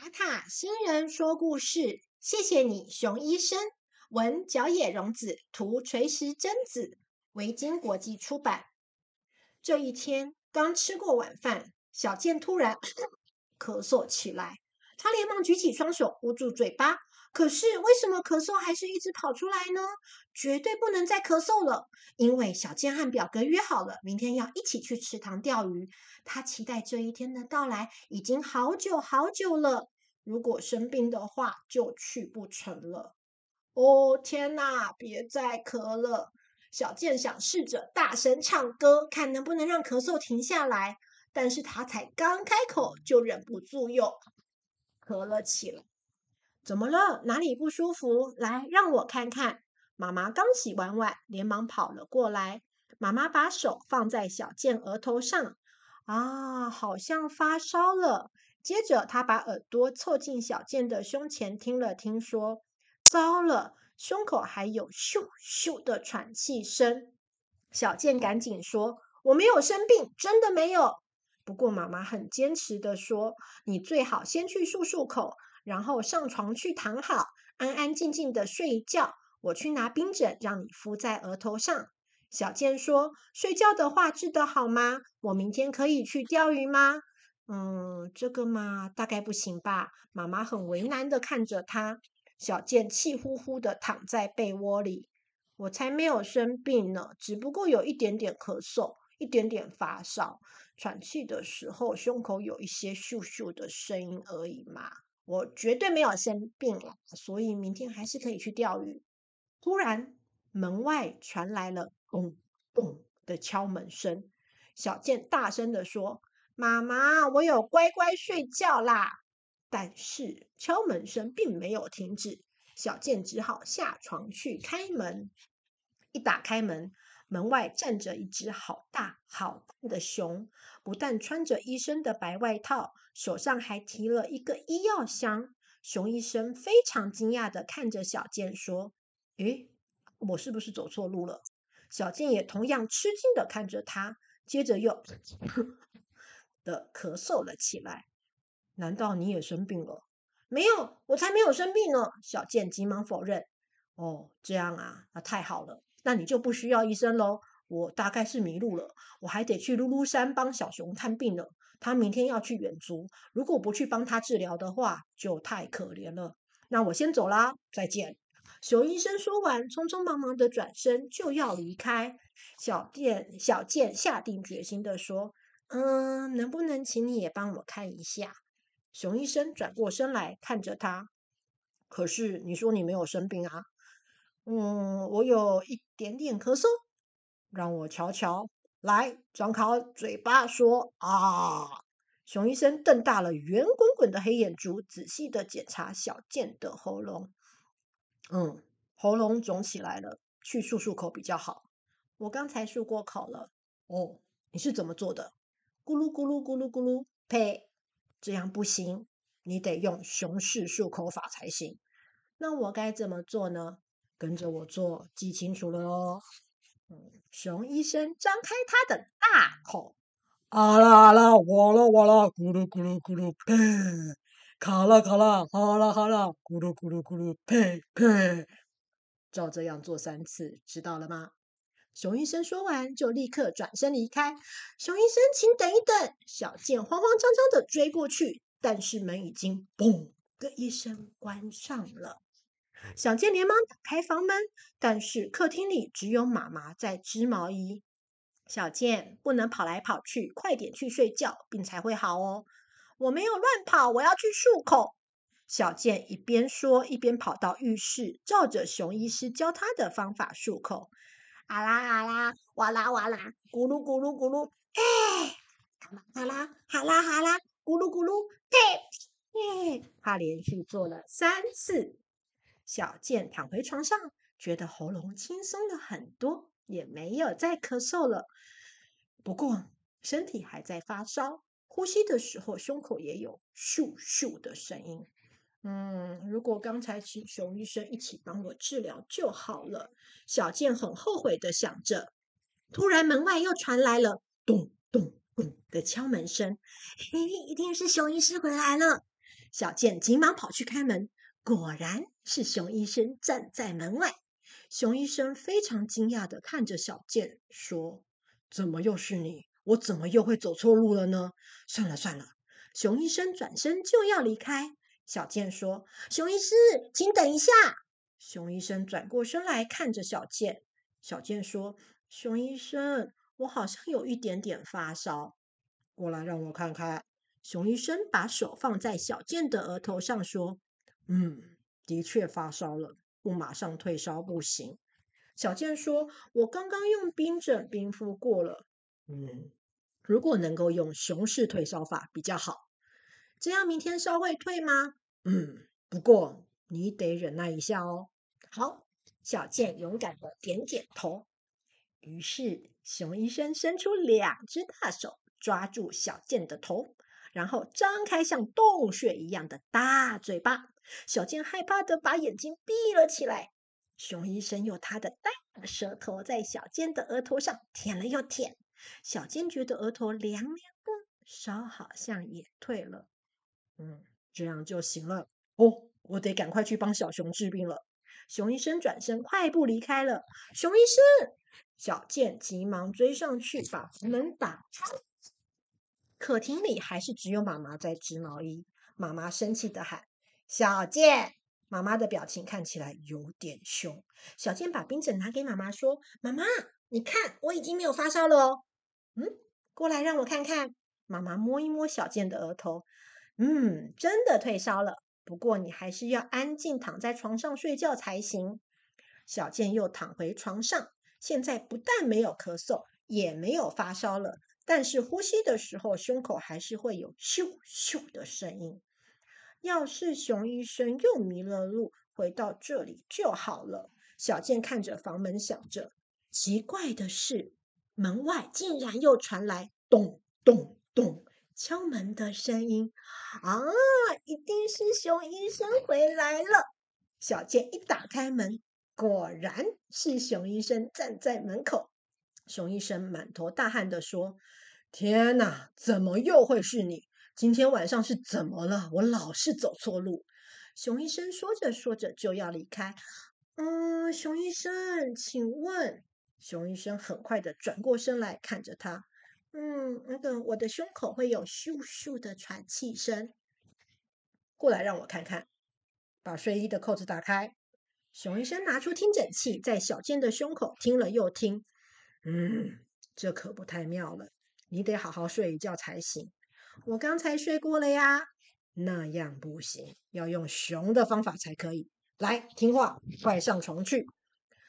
塔塔新人說故事，謝謝你，熊醫生。文：角野榮子，圖：垂石真子，維京國際出版。這一天剛吃過晚飯，小健突然咳嗽起來。他連忙舉起雙手捂住嘴巴，可是為什麼咳嗽還是一直跑出來呢？絕對不能再咳嗽了，因為小健和表哥約好了，明天要一起去池塘釣魚。他期待這一天的到來已經好久好久了。如果生病的話，就去不成了。哦天哪，別再咳了！小健想試着大聲唱歌，看能不能讓咳嗽停下來。但是他才剛開口，就忍不住又……咳了起來，怎麼了？哪裡不舒服？來，讓我看看。媽媽剛洗完碗，連忙跑了過來。媽媽把手放在小健額頭上，啊，好像發燒了。接着，她把耳朵湊近小健的胸前，聽了聽，說：“糟了，胸口還有咻咻的喘氣聲。”小健趕緊說：“我沒有生病，真的沒有。”不過，媽媽很堅持的說：“你最好先去漱漱口，然後上床去躺好，安安靜靜的睡一覺。我去拿冰枕，讓你敷在額頭上。”小健說：“睡覺的話，治得好嗎？我明天可以去釣魚嗎？”“嗯，這個嘛，大概不行吧。”媽媽很為難的看着他。小健氣呼呼的躺在被窩裡：“我才沒有生病呢，只不過有一點點咳嗽。”一點點發燒，喘氣的時候胸口有一些咻咻的聲音而已嘛，我絕對沒有生病啦，所以明天還是可以去釣魚。突然，門外傳來了咚咚的敲門聲。小健大聲的說：“媽媽，我有乖乖睡覺啦。”但是敲門聲並沒有停止，小健只好下床去開門。一打開門，門外站着一隻好大好大的熊，不但穿着醫生的白外套，手上還提了一個醫藥箱。熊醫生非常驚訝地看着小健，說：“誒，我是不是走錯路了？”小健也同樣吃驚地看着他，接着又呵呵的咳嗽了起來。難道你也生病了？沒有，我才沒有生病呢！小健急忙否認。哦，這樣啊，那太好了。那你就不需要醫生嘍。我大概是迷路了，我還得去嚕嚕山幫小熊看病呢。他明天要去遠足，如果不去幫他治療的話，就太可憐了。那我先走啦，再見。熊醫生說完，匆匆忙忙的轉身就要離開。小健，小健下定決心的說：“嗯，能不能請你也幫我看一下？”熊醫生轉過身來看着他，可是你說你沒有生病啊。嗯，我有一點點咳嗽，讓我瞧瞧。來，張開嘴巴說啊！熊醫生瞪大了圓滾滾的黑眼珠，仔細的檢查小健的喉嚨。嗯，喉嚨腫起來了，去漱漱口比較好。我剛才漱過口了。哦，你是怎麼做的？咕嚕咕嚕咕嚕咕嚕，咕嚕，呸！這樣不行，你得用熊式漱口法才行。那我該怎麼做呢？跟着我做，記清楚了哦！熊醫生張開他的大口，啊啦啊啦，哇啦哇啦，咕嚕咕嚕咕嚕呸，卡啦卡啦，哈啦哈啦，咕嚕咕嚕咕嚕呸呸，呸。照這樣做三次，知道了嗎？熊醫生說完就立刻轉身離開。熊醫生，請等一等！小健慌慌張張的追過去，但是門已經“嘣”的一聲關上了。小健連忙打開房門，但是客廳裡只有媽媽在織毛衣。小健，不能跑來跑去，快點去睡覺，病才會好哦。我沒有亂跑，我要去漱口。小健一邊說，一邊跑到浴室，照着熊醫師教他的方法漱口。阿啦阿啦，哇啦哇啦，咕嚕咕嚕咕嚕，哎，好啦好啦好啦，咕嚕咕嚕，嘿，他連續做了三次。小健躺回床上，覺得喉嚨輕鬆了很多，也沒有再咳嗽了。不過身體還在發燒，呼吸的時候胸口也有咻咻的聲音。嗯，如果剛才請熊醫生一起幫我治療就好了。小健很後悔的想着。突然門外又傳來了咚咚咚的敲門聲，嘿，一定是熊醫師回來了。小健急忙跑去開門。果然是熊醫生站在門外。熊醫生非常驚訝的看着小健，說：“怎麼又是你？我怎麼又會走錯路了呢？”算了算了，熊醫生轉身就要離開。小健說：“熊醫師，請等一下。”熊醫生轉過身來看着小健。小健說：“熊醫生，我好像有一點點發燒，過來讓我看看。”熊醫生把手放在小健的額頭上，說。嗯，的確發燒了，不馬上退燒不行。小健說：“我剛剛用冰枕冰敷過了。”嗯，如果能夠用熊式退燒法比較好，這樣明天燒會退嗎？嗯，不過你得忍耐一下哦。好，小健勇敢的點點頭。於是熊醫生伸出兩隻大手，抓住小健的頭。然後張開像洞穴一樣的大嘴巴，小健害怕的把眼睛閉了起來。熊醫生用他的大舌頭在小健的額頭上舔了又舔，小健覺得額頭涼涼的，燒好像也退了。嗯，這樣就行了。哦，我得趕快去幫小熊治病了。熊醫生轉身快步離開了。熊醫生，小健急忙追上去吧，把門打開。客廳裡還是只有媽媽在織毛衣。媽媽生氣的喊：“小健！”媽媽的表情看起來有點凶。小健把冰枕拿給媽媽說：“媽媽，你看，我已經沒有發燒了哦。”“嗯，過來讓我看看。”媽媽摸一摸小健的額頭，“嗯，真的退燒了。不過你還是要安靜躺在床上睡覺才行。”小健又躺回床上，現在不但沒有咳嗽，也沒有發燒了。但是呼吸的時候，胸口還是會有咻咻的聲音。要是熊醫生又迷了路，回到這裡就好了。小健看着房門，想着。奇怪的是，門外竟然又傳來咚咚咚敲門的聲音。啊，一定是熊醫生回來了。小健一打開門，果然是熊醫生站在門口。熊醫生滿頭大汗地說：“天哪，怎麼又會是你？今天晚上是怎麼了？我老是走錯路。”熊醫生說着說着就要離開。“嗯，熊醫生，請問？”熊醫生很快的轉過身來看着他。“嗯，那個，我的胸口會有咻咻的喘氣聲，過來讓我看看，把睡衣的扣子打開。”熊醫生拿出聽診器，在小健的胸口聽了又聽。嗯，這可不太妙了，你得好好睡一覺才行。我剛才睡過了呀。那樣不行，要用熊的方法才可以。來，聽話，快上床去。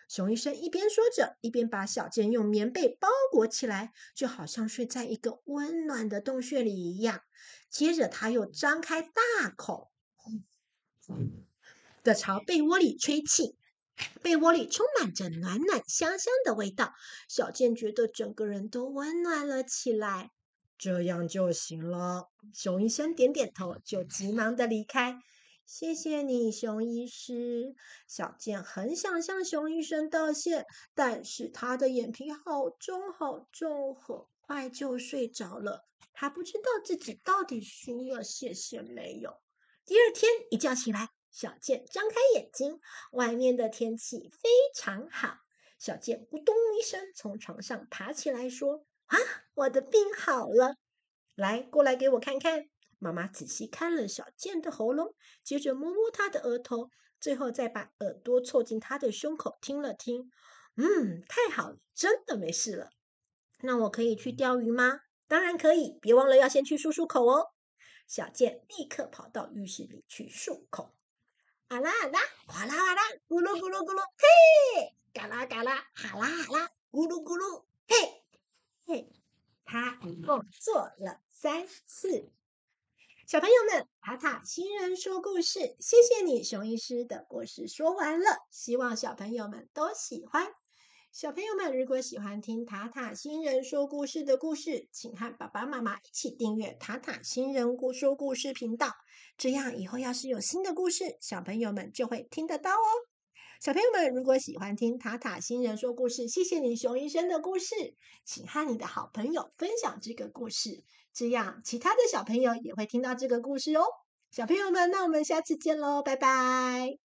熊醫生一邊說着，一邊把小健用棉被包裹起來，就好像睡在一個溫暖的洞穴裡一樣。接着，他又張開大口，的、嗯、 朝被窩裡吹氣。被窩裡充滿着暖暖香香的味道，小健覺得整個人都溫暖了起來。這樣就行了。熊醫生點點頭，就急忙的離開。謝謝你，熊醫師。小健很想向熊醫生道謝，但是他的眼皮好重好重，很快就睡着了。他不知道自己到底說了謝謝沒有。第二天一覺醒來。小健張開眼睛，外面的天氣非常好。小健咕咚一聲從床上爬起來，說：“啊，我的病好了！來，過來給我看看。”媽媽仔細看了小健的喉嚨，接着摸摸他的額頭，最後再把耳朵湊近他的胸口聽了聽。嗯，太好了，真的沒事了。那我可以去釣魚嗎？當然可以，別忘了要先去漱漱口哦。小健立刻跑到浴室裡去漱口。啊啦啊啦，嘩啦嘩啦，咕嚕咕嚕咕嚕，嘿，嘎啦嘎啦，哈啦哈啦，咕嚕咕嚕，嘿，嘿，他一共做了三次。小朋友們，塔塔新人說故事，謝謝你，熊醫師的故事說完了，希望小朋友們都喜歡。小朋友們，如果喜歡聽塔塔新人說故事的故事，請和爸爸媽媽一起訂閱塔塔新人說故事頻道。這樣以後要是有新的故事，小朋友們就會聽得到哦。小朋友們，如果喜歡聽塔塔新人說故事，謝謝你熊醫生的故事，請和你的好朋友分享這個故事，這樣其他的小朋友也會聽到這個故事哦。小朋友們，那我們下次見嘍，拜拜。